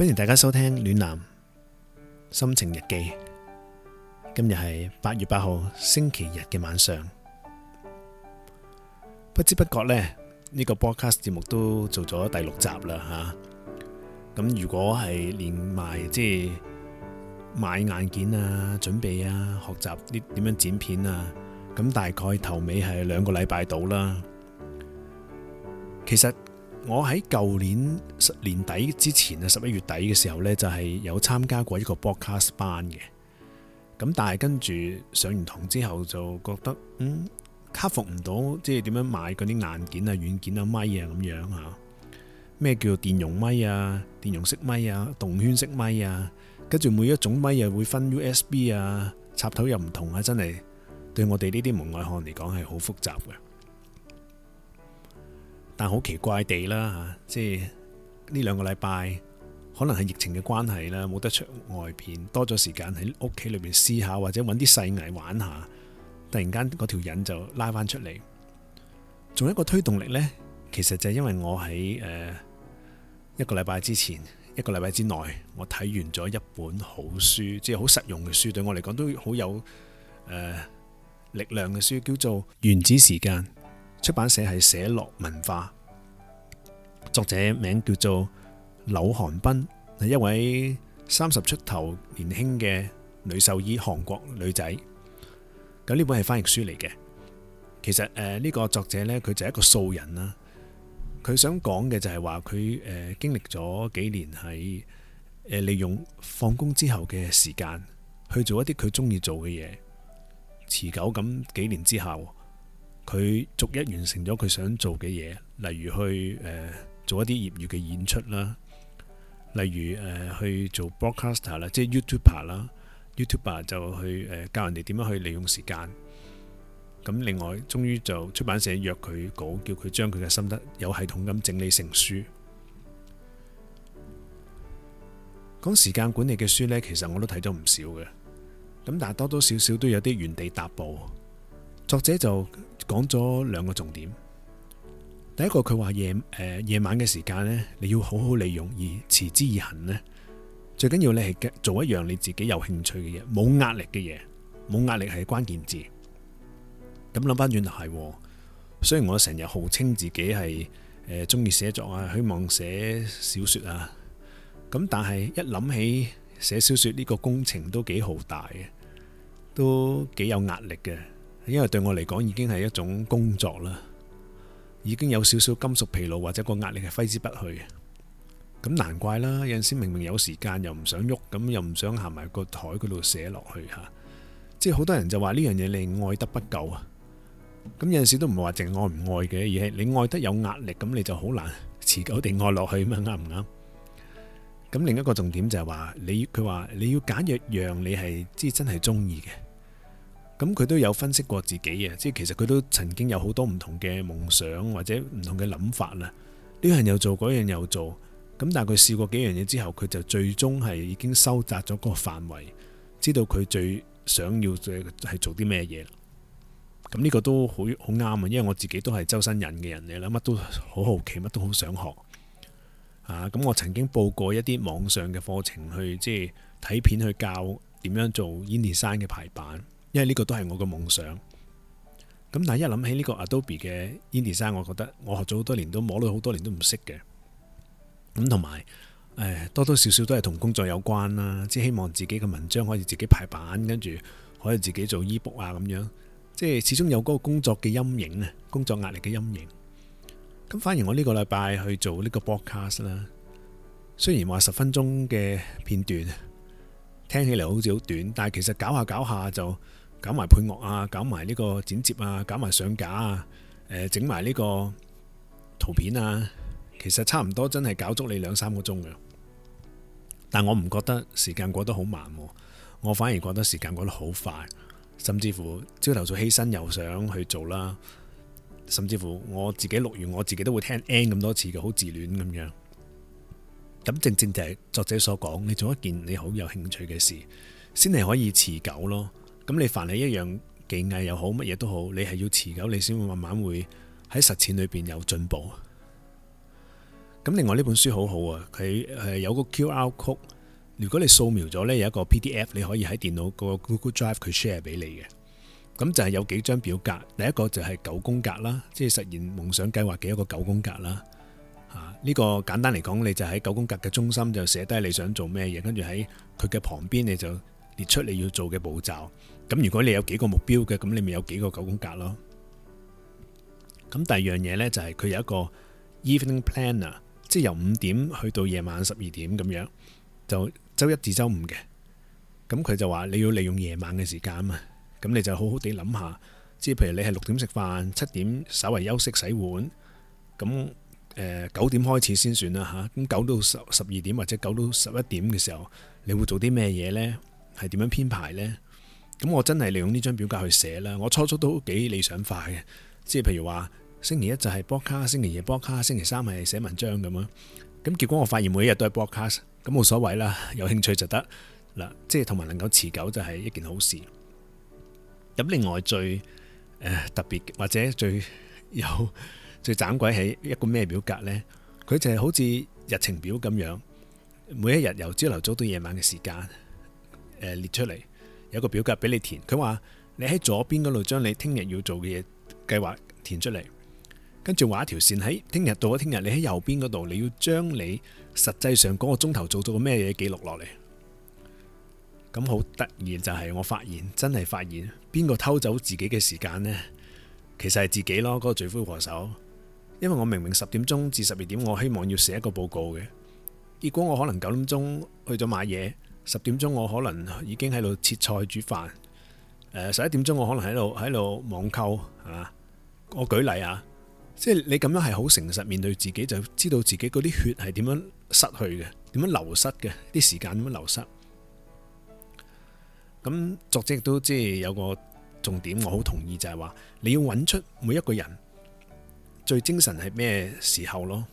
歡迎大家收聽暖男心情日記。今日係八月八號星期日嘅晚上，不知不覺咧，呢個 broadcast 節目都做咗第六集啦吓。咁如果係連埋即係買硬件啊、準備啊、學習啲點樣剪片啊，咁大概頭尾係兩個禮拜到啦。其實。我喺舊年年底之前啊，十一月底嘅時候呢，就係、是、有參加過一個 podcast 班嘅。咁但係跟住上完堂之後就覺得，嗯，克服唔到，即係點樣買嗰啲硬件啊、軟件啊、咪啊咁樣吓。咩叫做電容咪啊、電容式咪啊、動圈式咪啊？跟住每一種咪又、啊、會分 USB 啊插頭又唔同啊，真係對我哋呢啲門外漢嚟講係好複雜嘅。但好奇怪地啦，即係呢兩個禮拜，可能係疫情嘅關係啦，冇得出外邊，多咗時間喺屋企裏面試下，或者揾啲細藝玩下。突然間嗰條癮就拉翻出嚟，仲有一個推動力呢，其實就係因為我喺誒一個禮拜之前，一個禮拜之內，我睇完咗一本好書，即係好實用嘅書，對我嚟講都好有力量嘅書，叫做《原子時間》。出版社係寫樂文化，作者名叫做柳韓彬，係一位三十出頭年輕嘅女獸醫，韓國女仔。咁呢本係翻譯書嚟嘅，其實誒呢、呃這個作者呢，佢就係一個素人啦。佢想講嘅就係話佢誒經歷咗幾年喺、呃、利用放工之後嘅時間去做一啲佢中意做嘅嘢，持久咁幾年之後。佢逐一完成咗佢想做嘅嘢，例如去誒、呃、做一啲業餘嘅演出啦，例如誒、呃、去做 Broadcaster 是 YouTuber，啦，即係 YouTuber 啦，YouTuber 就去誒、呃、教人哋點樣去利用時間。咁另外，終於就出版社約佢稿，叫佢將佢嘅心得有系統咁整理成書。講時間管理嘅書呢，其實我都睇咗唔少嘅，咁但係多多少少都有啲原地踏步。作者就講咗兩個重點。第一個，佢話夜誒、呃、夜晚嘅時間呢，你要好好利用而持之以恒呢，最緊要你係做一樣你自己有興趣嘅嘢，冇壓力嘅嘢，冇壓力係關鍵字。咁諗翻轉頭係，雖然我成日號稱自己係誒中意寫作啊，希望寫小說啊，咁但係一諗起寫小說呢個工程都幾浩大嘅，都幾有壓力嘅。因為對我嚟講已經係一種工作啦，已經有少少金屬疲勞或者個壓力係揮之不去，咁難怪啦。有陣時明明有時間又唔想喐，咁又唔想行埋個檯嗰度寫落去吓，即係好多人就話呢樣嘢你愛得不夠啊。咁有陣時都唔係話淨愛唔愛嘅，而係你愛得有壓力，咁你就好難持久地愛落去嘛，啱唔啱？咁另一個重點就係話你，佢話你要揀一樣你係即真係中意嘅。咁佢都有分析過自己嘅，即係其實佢都曾經有好多唔同嘅夢想或者唔同嘅諗法啦。呢樣又做，嗰樣又做。咁但係佢試過幾樣嘢之後，佢就最終係已經收窄咗嗰個範圍，知道佢最想要嘅係做啲咩嘢。咁呢個都好好啱啊，因為我自己都係周身癮嘅人嚟，乜都好好奇，乜都好想學啊。咁我曾經報過一啲網上嘅課程去，即係睇片去教點樣做 InDesign 嘅排版。因為呢個都係我嘅夢想，咁但係一諗起呢個 Adobe 嘅 InDesign，我覺得我學咗好多年都摸咗好多年都唔識嘅，咁同埋誒多多少少都係同工作有關啦，即係希望自己嘅文章可以自己排版，跟住可以自己做 ebook 啊咁樣，即係始終有嗰個工作嘅陰影啊，工作壓力嘅陰影。咁反而我呢個禮拜去做呢個 broadcast 啦，雖然話十分鐘嘅片段。聽起嚟好似好短，但係其實搞下搞下就搞埋配樂啊，搞埋呢個剪接啊，搞埋上，上架啊，整埋呢個圖片啊，其實差唔多真係搞足你兩三個鐘嘅。但我唔覺得時間過得好慢啊，我反而覺得時間過得好快，甚至乎朝頭早起身又想去做啦，甚至乎我自己錄完我自己都會聽 N 咁多次嘅，好自戀咁樣。咁正正就係作者所講，你做一件你好有興趣嘅事，先係可以持久咯。咁你凡係一樣技藝又好，乜嘢都好，你係要持久，你先會慢慢會喺實踐裏邊有進步。咁另外呢本書好好啊，佢係有個 QR Code，如果你掃描咗呢，有一個 PDF，你可以喺電腦個 Google Drive 佢 share 俾你嘅。咁就係有幾張表格，第一個就係九宮格啦，即係實現夢想計劃嘅一個九宮格啦。呢個簡單嚟講，你就喺九宮格嘅中心就寫低你想做咩嘢，跟住喺佢嘅旁邊你就列出你要做嘅步驟。咁如果你有幾個目標嘅，咁你咪有幾個九宮格咯。咁第二樣嘢呢，就係佢有一個 evening planner，即係由五點去到夜晚十二點咁樣，就周一至周五嘅。咁佢就話你要利用夜晚嘅時間啊嘛，咁你就好好地諗下。即係譬如你係六點食飯，七點稍為休息洗碗，咁。呃、九點開始先算啦吓，咁九到十十二點或者九到十一點嘅時候，你會做啲咩嘢呢？係點樣編排呢？咁我真係利用呢張表格去寫啦。我初初都幾理想化嘅，即係譬如話星期一就係播卡，星期二播卡，星期三係寫文章咁樣。咁結果我發現每一日都係播卡，咁冇所謂啦，有興趣就得嗱，即係同埋能夠持久就係一件好事。咁另外最、呃、特別或者最有。最盞鬼喺一個咩表格呢？佢就係好似日程表咁樣，每一日由朝頭早到夜晚嘅時間、呃，列出嚟有一個表格俾你填。佢話你喺左邊嗰度將你聽日要做嘅嘢計劃填出嚟，跟住畫一條線喺聽日到咗聽日。你喺右邊嗰度，你要將你實際上嗰個鐘頭做咗個咩嘢記錄落嚟。咁好突然，就係我發現，真係發現邊個偷走自己嘅時間呢？其實係自己咯，嗰、嗰個罪魁禍首。因為我明明十點鐘至十二點，我希望要寫一個報告嘅，結果我可能九點鐘去咗買嘢，十點鐘我可能已經喺度切菜煮飯，誒十一點鐘我可能喺度喺度網購，係嘛？我舉例啊，即係你咁樣係好誠實面對自己，就知道自己嗰啲血係點樣失去嘅，點樣流失嘅，啲時間點樣流失。咁作者亦都即係有個重點，我好同意就係話，你要揾出每一個人。最精神係咩時候咯？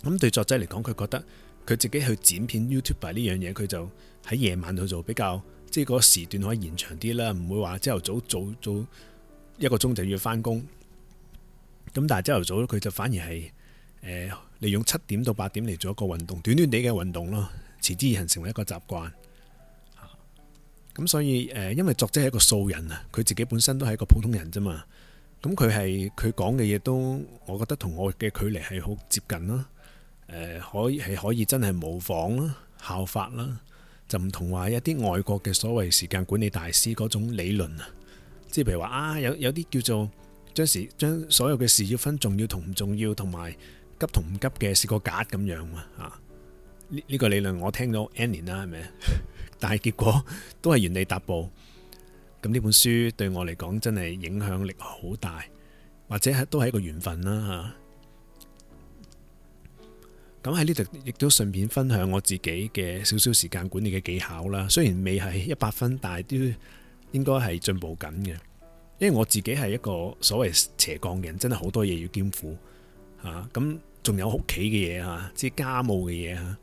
咁對作者嚟講，佢覺得佢自己去剪片 YouTube 呢樣嘢，佢就喺夜晚去做，比較即係嗰時段可以延長啲啦，唔會話朝頭早早早一個鐘就要翻工。咁但係朝頭早佢就反而係誒利用七點到八點嚟做一個運動，短短哋嘅運動咯，持之以恒成為一個習慣。咁所以誒、呃，因為作者係一個素人啊，佢自己本身都係一個普通人啫嘛。咁佢係佢講嘅嘢都，我覺得同我嘅距離係好接近啦。誒，可以係可以真係模仿啦、效法啦，就唔同話一啲外國嘅所謂時間管理大師嗰種理論啊。即係譬如話啊，有有啲叫做將事將所有嘅事要分重要同唔重要，同埋急同唔急嘅四個格咁樣嘛。吓，呢呢個理論我聽到 N 年啦，係咪？但係結果都係原地踏步。咁呢本書對我嚟講真係影響力好大，或者都係一個緣分啦吓。咁喺呢度亦都順便分享我自己嘅少少時間管理嘅技巧啦。雖然未係一百分，但係都應該係進步緊嘅。因為我自己係一個所謂斜槓人，真係好多嘢要兼顧吓。咁、啊、仲有屋企嘅嘢吓，即係家務嘅嘢吓。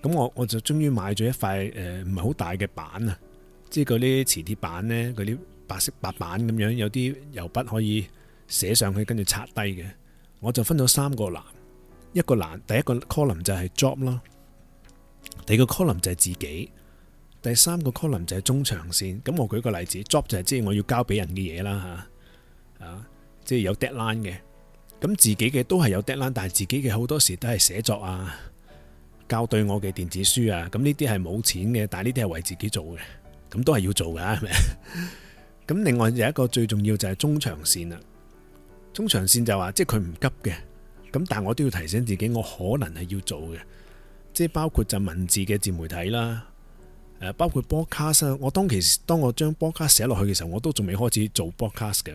咁我我就終於買咗一塊唔係好大嘅板啊。即係嗰啲磁鐵板呢，嗰啲白色白板咁樣，有啲油筆可以寫上去，跟住，擦低嘅。我就分咗三個欄，一個欄，第一個 column 就係 job 啦，第二個 column 就係自己，第三個 column 就係中長線。咁我舉個例子，job 就係即係我要交俾人嘅嘢啦吓，啊，即係有 deadline 嘅。咁自己嘅都係有 deadline，但係自己嘅好多時都係寫作啊，校對我嘅電子書啊，咁呢啲係冇錢嘅，但係呢啲係為自己做嘅。咁都係要做噶，係咪？咁 另外有一個最重要就係中長線啦。中長線就話，即係佢唔急嘅。咁但係我都要提醒自己，我可能係要做嘅。即係包括就文字嘅自媒體啦，誒，包括 podcast。我當其時我將 podcast 寫落去嘅時候，我都仲未開始做 podcast 嘅。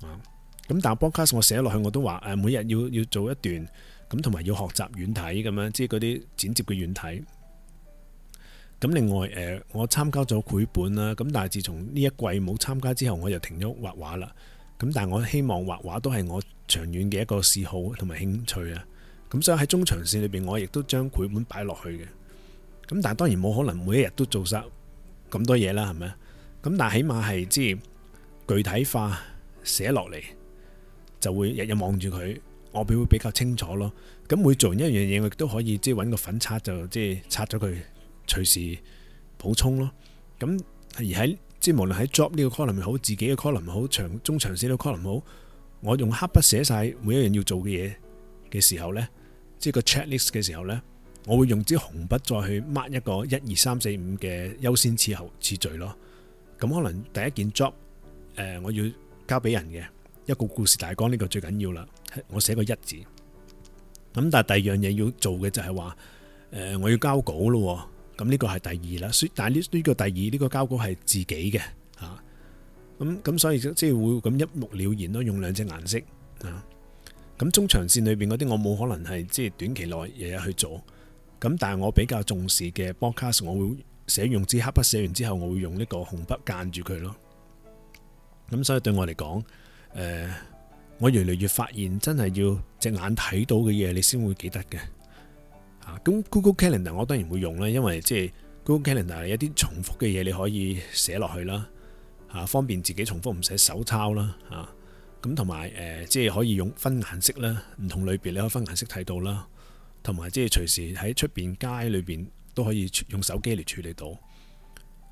啊，咁但係 podcast 我寫落去，我都話誒，每日要要做一段咁，同埋要學習軟體咁樣，即係嗰啲剪接嘅軟體。咁另外，誒，我參加咗繪本啦。咁但係自從呢一季冇參加之後，我就停咗畫畫啦。咁但係我希望畫畫都係我長遠嘅一個嗜好同埋興趣啊。咁所以喺中長線裏邊，我亦都將繪本擺落去嘅。咁但係當然冇可能每一日都做晒咁多嘢啦，係咪？咁但係起碼係即係具體化寫落嚟，就會日日望住佢，我會比較清楚咯。咁每做完一樣嘢，我亦都可以即係揾個粉刷，就刷了，就即係擦咗佢。隨時補充咯。咁而喺即係無論喺 job 呢個 column 好，自己嘅 column 好，長中長線嘅 column 好，我用黑筆寫晒每一樣要做嘅嘢嘅時候呢，即係個 check list 嘅時候呢，我會用支紅筆再去 mark 一個一二三四五嘅優先次後次序咯。咁可能第一件 job、呃、我要交俾人嘅一個故事大綱，呢個最緊要啦。我寫個一字。咁但係第二樣嘢要做嘅就係話誒，我要交稿咯。咁呢個係第二啦，所以但係呢呢個第二呢個交稿係自己嘅，吓，咁咁所以即係會咁一目了然咯，用兩隻顏色啊。咁中長線裏邊嗰啲我冇可能係即係短期內日日去做，咁但係我比較重視嘅 podcast，我會寫用支黑筆寫完之後，我會用呢個紅筆間住佢咯。咁所以對我嚟講，誒，我越嚟越發現真係要隻眼睇到嘅嘢，你先會記得嘅。啊，咁 Google Calendar 我當然會用啦，因為即係 Google Calendar 有啲重複嘅嘢你可以寫落去啦，啊，方便自己重複唔使手抄啦，啊，咁同埋誒即係可以用分顏色啦，唔同類別你可以分顏色睇到啦，同埋即係隨時喺出邊街裏邊都可以用手機嚟處理到，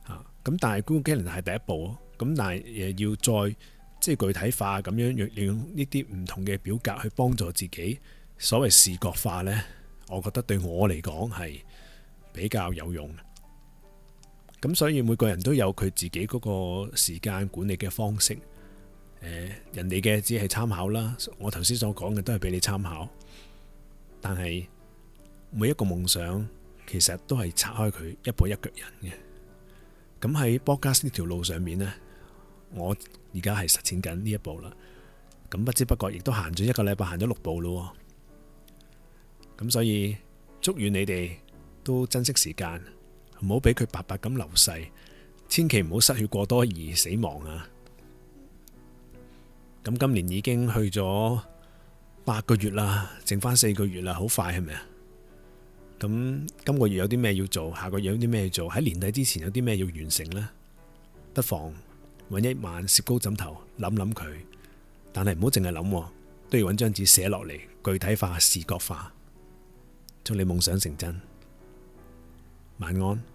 啊，咁但係 Google Calendar 係第一步咯，咁但係誒要再即係、就是、具體化咁樣用用呢啲唔同嘅表格去幫助自己，所謂視覺化呢。我覺得對我嚟講係比較有用，咁所以每個人都有佢自己嗰個時間管理嘅方式，人哋嘅只係參考啦，我頭先所講嘅都係俾你參考，但係每一個夢想其實都係拆開佢一步一腳印嘅，咁喺波加斯呢條路上面呢，我而家係實踐緊呢一步啦，咁不知不覺亦都行咗一個禮拜，行咗六步咯。咁所以，祝願你哋都珍惜時間，唔好俾佢白白咁流逝。千祈唔好失血過多而死亡啊！咁今年已經去咗八個月啦，剩翻四個月啦，好快係咪啊？咁今個月有啲咩要做？下個月有啲咩做？喺年底之前有啲咩要完成呢？不妨搵一晚，攝高枕頭諗諗佢，但係唔好淨係諗，都要搵張紙寫落嚟，具體化、視覺化。祝你夢想成真，晚安。